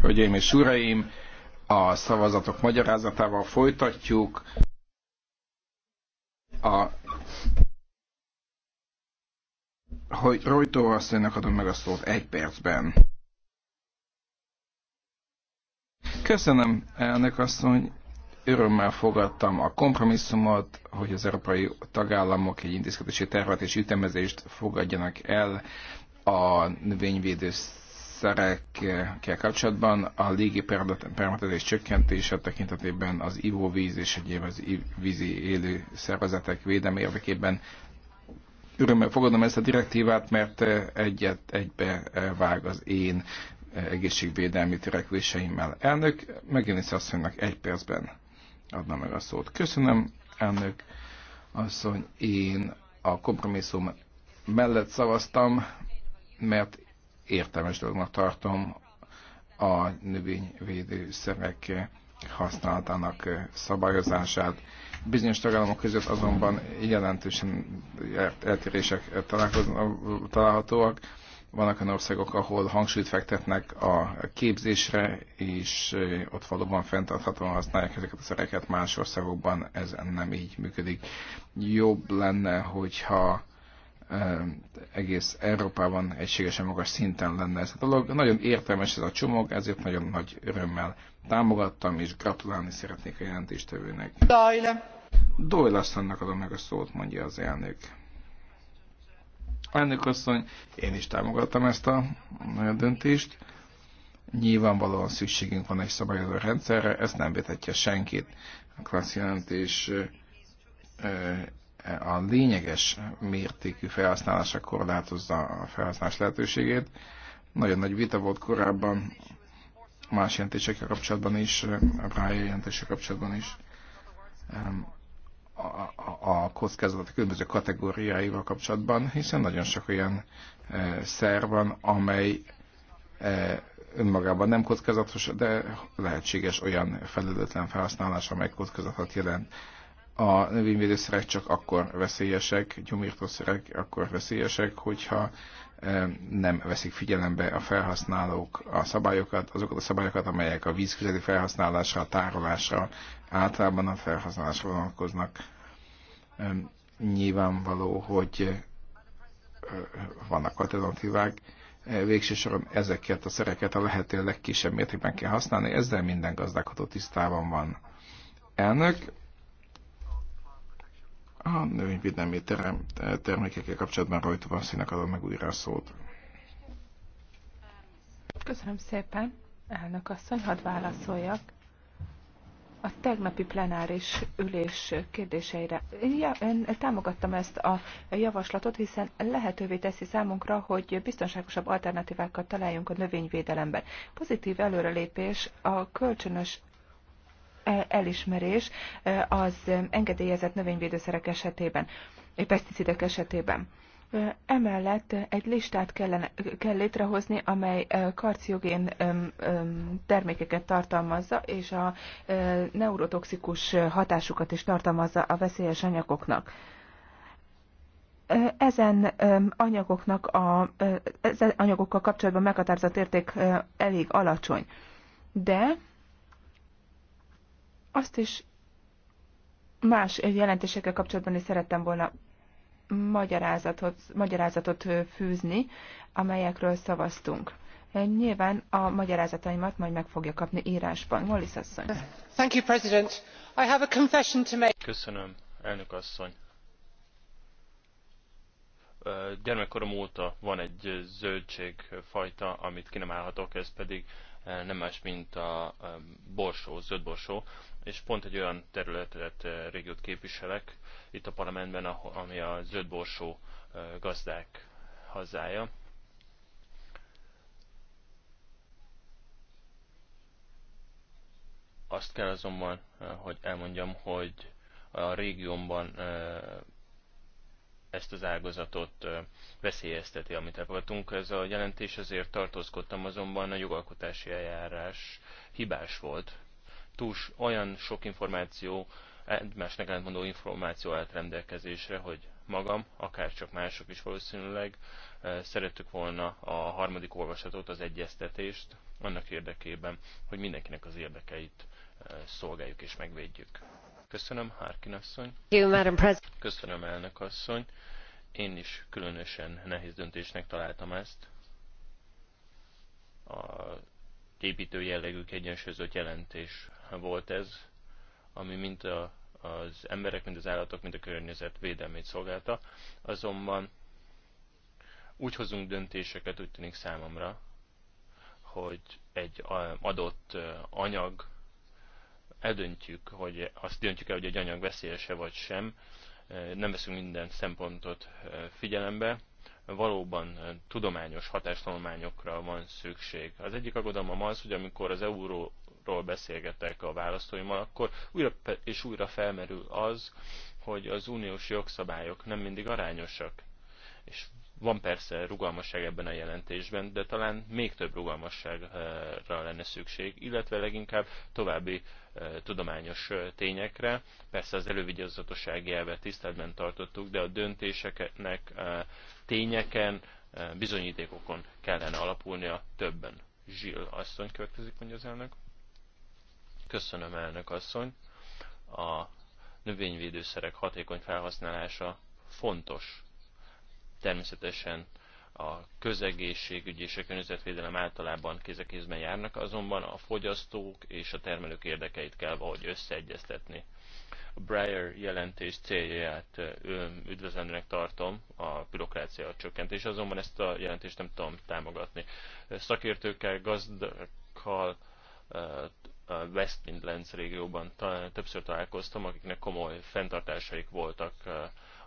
Hölgyeim és uraim, a szavazatok magyarázatával folytatjuk. A hogy Rojtó asszonynak adom meg a szót egy percben. Köszönöm, elnök asszony. Örömmel fogadtam a kompromisszumot, hogy az európai tagállamok egy intézkedési tervet és ütemezést fogadjanak el a növényvédő szerekkel kapcsolatban a légi permetezés csökkentése tekintetében az ivóvíz és egyéb az vízi élő szervezetek védelme érdekében örömmel fogadom ezt a direktívát, mert egyet egybe vág az én egészségvédelmi törekvéseimmel. Elnök, megint asszonynak egy percben adna meg a szót. Köszönöm, elnök asszony, én a kompromisszum mellett szavaztam, mert értelmes dolognak tartom a növényvédőszerek használatának szabályozását. Bizonyos tagállamok között azonban jelentősen eltérések találhatóak. Vannak olyan országok, ahol hangsúlyt fektetnek a képzésre, és eh, ott valóban fenntarthatóan használják ezeket a szereket, más országokban ez nem így működik. Jobb lenne, hogyha egész Európában egységesen magas szinten lenne ez a dolog. Nagyon értelmes ez a csomag, ezért nagyon nagy örömmel támogattam, és gratulálni szeretnék a jelentéstevőnek. Doyle. Doyle asszonynak adom meg a szót, mondja az elnök. Elnök asszony, én is támogattam ezt a döntést. Nyilvánvalóan szükségünk van egy szabályozó rendszerre, ezt nem védhetje senkit. A klassz jelentés a lényeges mértékű felhasználása korlátozza a felhasználás lehetőségét. Nagyon nagy vita volt korábban más jelentésekkel kapcsolatban is, a Brian jelentésekkel kapcsolatban is, a, a kockázatok különböző kategóriáival kapcsolatban, hiszen nagyon sok olyan e, szer van, amely e, önmagában nem kockázatos, de lehetséges olyan felelőtlen felhasználás, amely kockázatot jelent a növényvédőszerek csak akkor veszélyesek, gyomírtószerek akkor veszélyesek, hogyha e, nem veszik figyelembe a felhasználók a szabályokat, azokat a szabályokat, amelyek a vízközeli felhasználásra, a tárolásra, általában a felhasználásra vonatkoznak. E, nyilvánvaló, hogy e, vannak alternatívák, végső soron ezeket a szereket a lehető legkisebb mértékben kell használni, ezzel minden gazdálkodó tisztában van. Elnök, a növényvédelmi terem, termékekkel kapcsolatban rajta színek adom meg újra a szót. Köszönöm szépen, elnök asszony, hadd válaszoljak. A tegnapi plenáris ülés kérdéseire. Ja, Én támogattam ezt a javaslatot, hiszen lehetővé teszi számunkra, hogy biztonságosabb alternatívákat találjunk a növényvédelemben. Pozitív előrelépés a kölcsönös E, elismerés e, az engedélyezett növényvédőszerek esetében, peszticidek esetében. E, emellett egy listát kellene, kell létrehozni, amely karciogén termékeket tartalmazza, és a neurotoxikus hatásukat is tartalmazza a veszélyes anyagoknak. Ezen anyagoknak a, ezen anyagokkal kapcsolatban meghatározott érték elég alacsony, de azt is más jelentésekkel kapcsolatban is szerettem volna magyarázatot, magyarázatot fűzni, amelyekről szavaztunk. Nyilván a magyarázataimat majd meg fogja kapni írásban. Wallis asszony. Thank you, President. I have a confession to make. Köszönöm, elnök asszony. Gyermekkorom óta van egy zöldségfajta, amit ki nem állhatok, ez pedig nem más, mint a borsó, zöldborsó, és pont egy olyan területet, eh, régiót képviselek itt a parlamentben, ami a zöldborsó eh, gazdák hazája. Azt kell azonban, eh, hogy elmondjam, hogy a régiómban ezt az ágazatot veszélyezteti, amit elfogadtunk. Ez a jelentés, azért tartózkodtam, azonban a jogalkotási eljárás hibás volt, túl olyan sok információ, egymásnak ellentmondó információ állt rendelkezésre, hogy magam, akár csak mások is valószínűleg eh, szerettük volna a harmadik olvasatot, az egyeztetést annak érdekében, hogy mindenkinek az érdekeit eh, szolgáljuk és megvédjük. Köszönöm, Harkin asszony. Köszönöm, elnök asszony. Én is különösen nehéz döntésnek találtam ezt. A építő jellegű egyensúlyozott jelentés volt ez, ami mint a, az emberek, mint az állatok, mint a környezet védelmét szolgálta. Azonban úgy hozunk döntéseket, úgy tűnik számomra, hogy egy adott anyag, eldöntjük, hogy azt döntjük el, hogy egy anyag veszélyese vagy sem, nem veszünk minden szempontot figyelembe, valóban tudományos hatástanulmányokra van szükség. Az egyik aggodalmam az, hogy amikor az euróról beszélgetek a választóimmal, akkor újra és újra felmerül az, hogy az uniós jogszabályok nem mindig arányosak. És van persze rugalmasság ebben a jelentésben, de talán még több rugalmasságra lenne szükség, illetve leginkább további tudományos tényekre. Persze az elővigyazatosság elvet tiszteletben tartottuk, de a döntéseknek tényeken, bizonyítékokon kellene alapulnia többen. Zsill asszony következik, mondja az elnök. Köszönöm, elnök asszony. A növényvédőszerek hatékony felhasználása fontos Természetesen a közegészségügy és a környezetvédelem általában kézekézben járnak, azonban a fogyasztók és a termelők érdekeit kell valahogy összeegyeztetni. A Breyer jelentés célját üdvözlendőnek tartom, a bürokrácia csökkentés, azonban ezt a jelentést nem tudom támogatni. Szakértőkkel, gazdakkal a West Midlands régióban többször találkoztam, akiknek komoly fenntartásaik voltak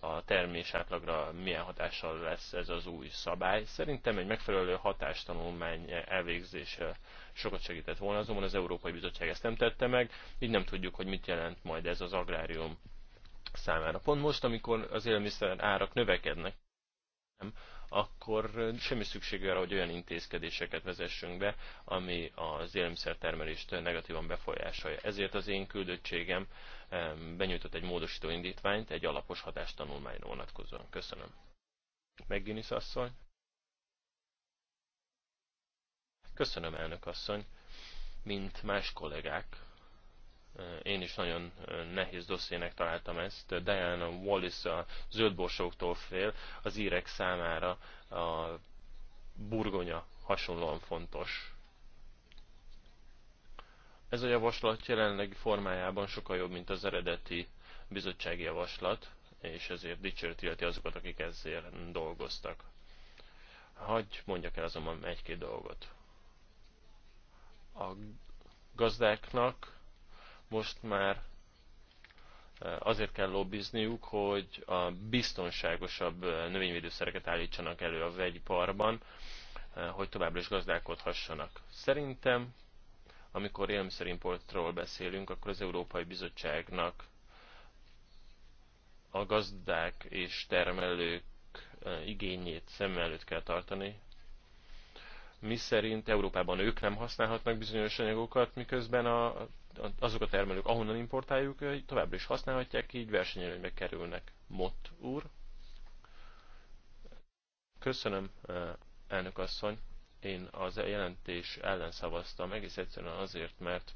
a termés átlagra milyen hatással lesz ez az új szabály. Szerintem egy megfelelő hatástanulmány elvégzése sokat segített volna, azonban az Európai Bizottság ezt nem tette meg, így nem tudjuk, hogy mit jelent majd ez az agrárium számára. Pont most, amikor az élelmiszer árak növekednek, akkor semmi szükség arra, hogy olyan intézkedéseket vezessünk be, ami az élelmiszertermelést negatívan befolyásolja. Ezért az én küldöttségem benyújtott egy módosító indítványt egy alapos hatástanulmányra vonatkozóan. Köszönöm. Megginisz asszony. Köszönöm, elnök asszony. Mint más kollégák, én is nagyon nehéz dossziének találtam ezt. Diana Wallis a zöldborsóktól fél, az írek számára a burgonya hasonlóan fontos. Ez a javaslat jelenlegi formájában sokkal jobb, mint az eredeti bizottsági javaslat, és ezért dicsőt illeti azokat, akik ezért dolgoztak. Hagy mondjak el azonban egy-két dolgot. A gazdáknak most már azért kell lobbizniuk, hogy a biztonságosabb növényvédőszereket állítsanak elő a vegyiparban, hogy továbbra is gazdálkodhassanak. Szerintem, amikor élmiszerimportról beszélünk, akkor az Európai Bizottságnak a gazdák és termelők igényét szem előtt kell tartani, mi szerint Európában ők nem használhatnak bizonyos anyagokat, miközben a azok a termelők, ahonnan importáljuk, továbbra is használhatják, így versenyelőnybe kerülnek. Mott úr. Köszönöm, elnök asszony. Én az e jelentés ellen szavaztam, egész egyszerűen azért, mert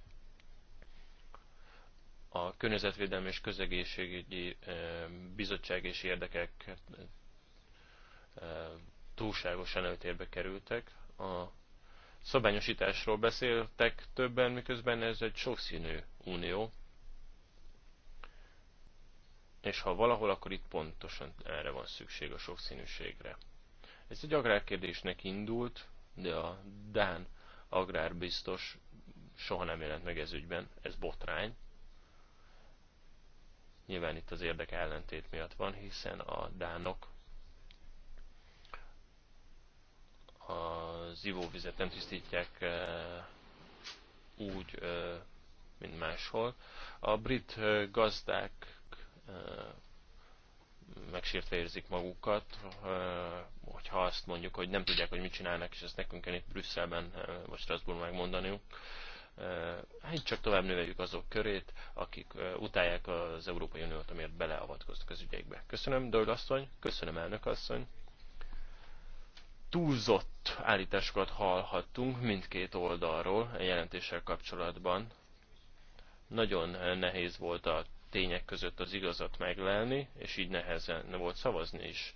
a Környezetvédelmi és Közegészségügyi Bizottság és érdekek túlságosan előtérbe kerültek. A szabályosításról beszéltek többen, miközben ez egy sokszínű unió. És ha valahol, akkor itt pontosan erre van szükség a sokszínűségre. Ez egy agrárkérdésnek indult, de a Dán agrárbiztos soha nem jelent meg ez ügyben, ez botrány. Nyilván itt az érdek ellentét miatt van, hiszen a Dánok a az ivóvizet nem tisztítják eh, úgy, eh, mint máshol. A brit eh, gazdák megsértve érzik magukat, hogyha azt mondjuk, hogy nem tudják, hogy mit csinálnak, és ezt nekünk kell itt Brüsszelben vagy Strasbourgban megmondaniuk. Hát csak tovább növeljük azok körét, akik utálják az Európai Uniót, amiért beleavatkoztak az ügyekbe. Köszönöm, Doyle asszony, köszönöm, elnök asszony túlzott állításokat hallhattunk mindkét oldalról a jelentéssel kapcsolatban. Nagyon nehéz volt a tények között az igazat meglelni, és így nehezen volt szavazni is.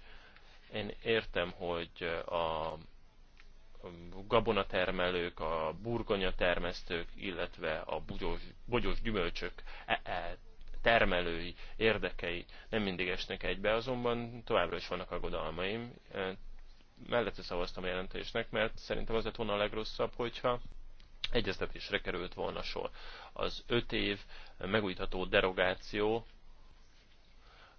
Én értem, hogy a gabonatermelők, a burgonyatermesztők, illetve a bogyós, bogyós gyümölcsök e, e, termelői érdekei nem mindig esnek egybe, azonban továbbra is vannak aggodalmaim mellette szavaztam a jelentésnek, mert szerintem az lett volna a legrosszabb, hogyha egyeztetésre került volna sor. Az öt év megújítható derogáció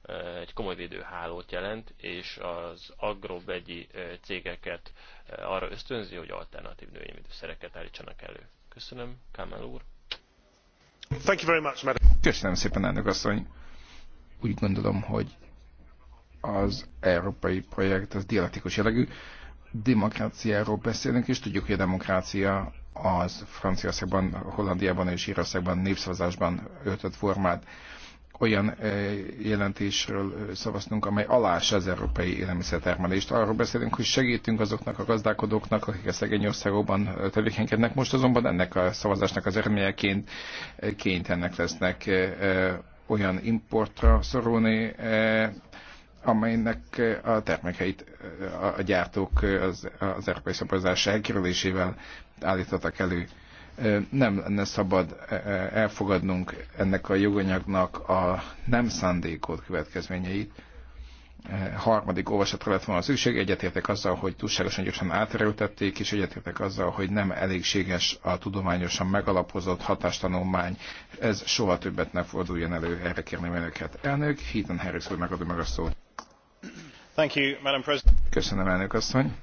eh, egy komoly védőhálót jelent, és az agrovegyi eh, cégeket eh, arra ösztönzi, hogy alternatív szereket állítsanak elő. Köszönöm, Kamel úr. Thank you very much, Köszönöm szépen, elnök asszony. Úgy gondolom, hogy az európai projekt, az dialektikus jellegű. Demokráciáról beszélünk, és tudjuk, hogy a demokrácia az Franciaországban, Hollandiában és Írországban népszavazásban öltött formát olyan eh, jelentésről eh, szavaztunk, amely alás az európai élelmiszertermelést. Arról beszélünk, hogy segítünk azoknak a gazdálkodóknak, akik a szegény országokban eh, tevékenykednek. Most azonban ennek a szavazásnak az eredményeként kénytelenek lesznek olyan importra szorulni, amelynek eh, a termékeit eh, a gyártók eh, az, az európai szabályozás elkerülésével állítottak elő. Nem lenne szabad elfogadnunk ennek a joganyagnak a nem szándékolt következményeit. Harmadik olvasatra lett volna szükség, egyetértek azzal, hogy túlságosan gyorsan átterültették, és egyetértek azzal, hogy nem elégséges a tudományosan megalapozott hatástanulmány. Ez soha többet ne forduljon elő, erre kérném önöket. Elnök, Heaton Harris hogy megadom meg a szót. Köszönöm, elnök asszony.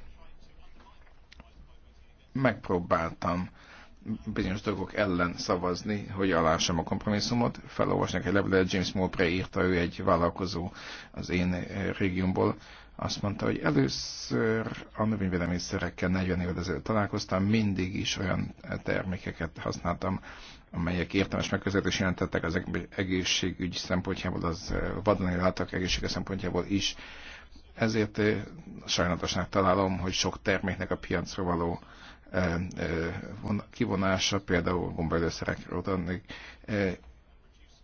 Megpróbáltam bizonyos dolgok ellen szavazni, hogy alássam a kompromisszumot. Felolvasnak egy levelet, James Mowbray írta, ő egy vállalkozó az én régiumból. Azt mondta, hogy először a növényvédelmiszerekkel 40 évvel ezelőtt találkoztam, mindig is olyan termékeket használtam, amelyek értelmes megközelítés jelentettek az egészségügy szempontjából, az vadon látok egészsége szempontjából is ezért eh, sajnálatosnak találom, hogy sok terméknek a piacra való eh, eh, kivonása, például gombaölőszerekről tanulni,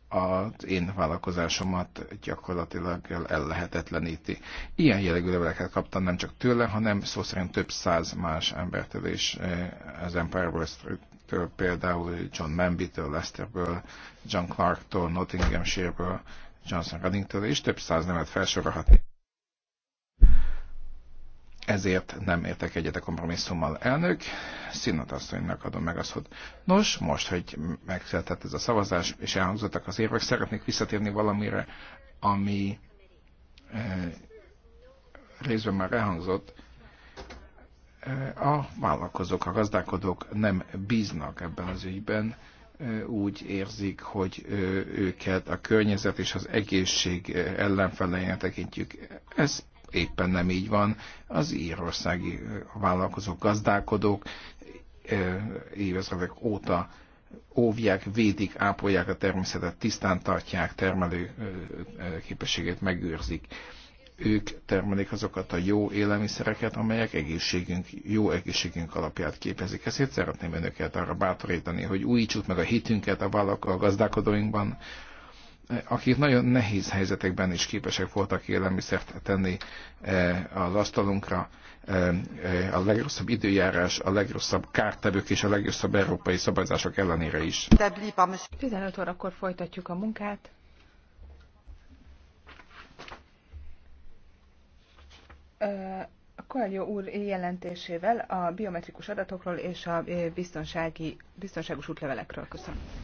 az én vállalkozásomat gyakorlatilag ellehetetleníti. Ilyen jellegű leveleket kaptam nem csak tőle, hanem szó szerint több száz más embertől is, az Empire Wall Street-től például, John Manby-től, Lesterből, John Clark-tól, Nottinghamshire-ből, Johnson Redding-től, és több száz nevet felsorolhatni ezért nem értek egyet a kompromisszummal. Elnök, Színat asszonynak adom meg azt, hogy nos, most, hogy megszületett ez a szavazás, és elhangzottak az érvek, szeretnék visszatérni valamire, ami e, részben már elhangzott. E, a vállalkozók, a gazdálkodók nem bíznak ebben az ügyben, eh, úgy érzik, hogy őket a környezet és az egészség ellenfeleinek tekintjük. Ez éppen nem így van. Az írországi vállalkozók, gazdálkodók évezredek óta óvják, védik, ápolják a természetet, tisztán tartják, termelő képességét megőrzik. Ők termelik azokat a jó élelmiszereket, amelyek egészségünk, jó egészségünk alapját képezik. Ezért szeretném önöket arra bátorítani, hogy újítsuk meg a hitünket a vállalkozó gazdálkodóinkban, akik nagyon nehéz helyzetekben is képesek voltak élelmiszert tenni e, az asztalunkra. E, e, a legrosszabb időjárás, a legrosszabb kártevők és a legrosszabb európai szabályzások ellenére is. 15 órakor folytatjuk a munkát. A Koelho úr jelentésével a biometrikus adatokról és a biztonsági, biztonságos útlevelekről. Köszönöm.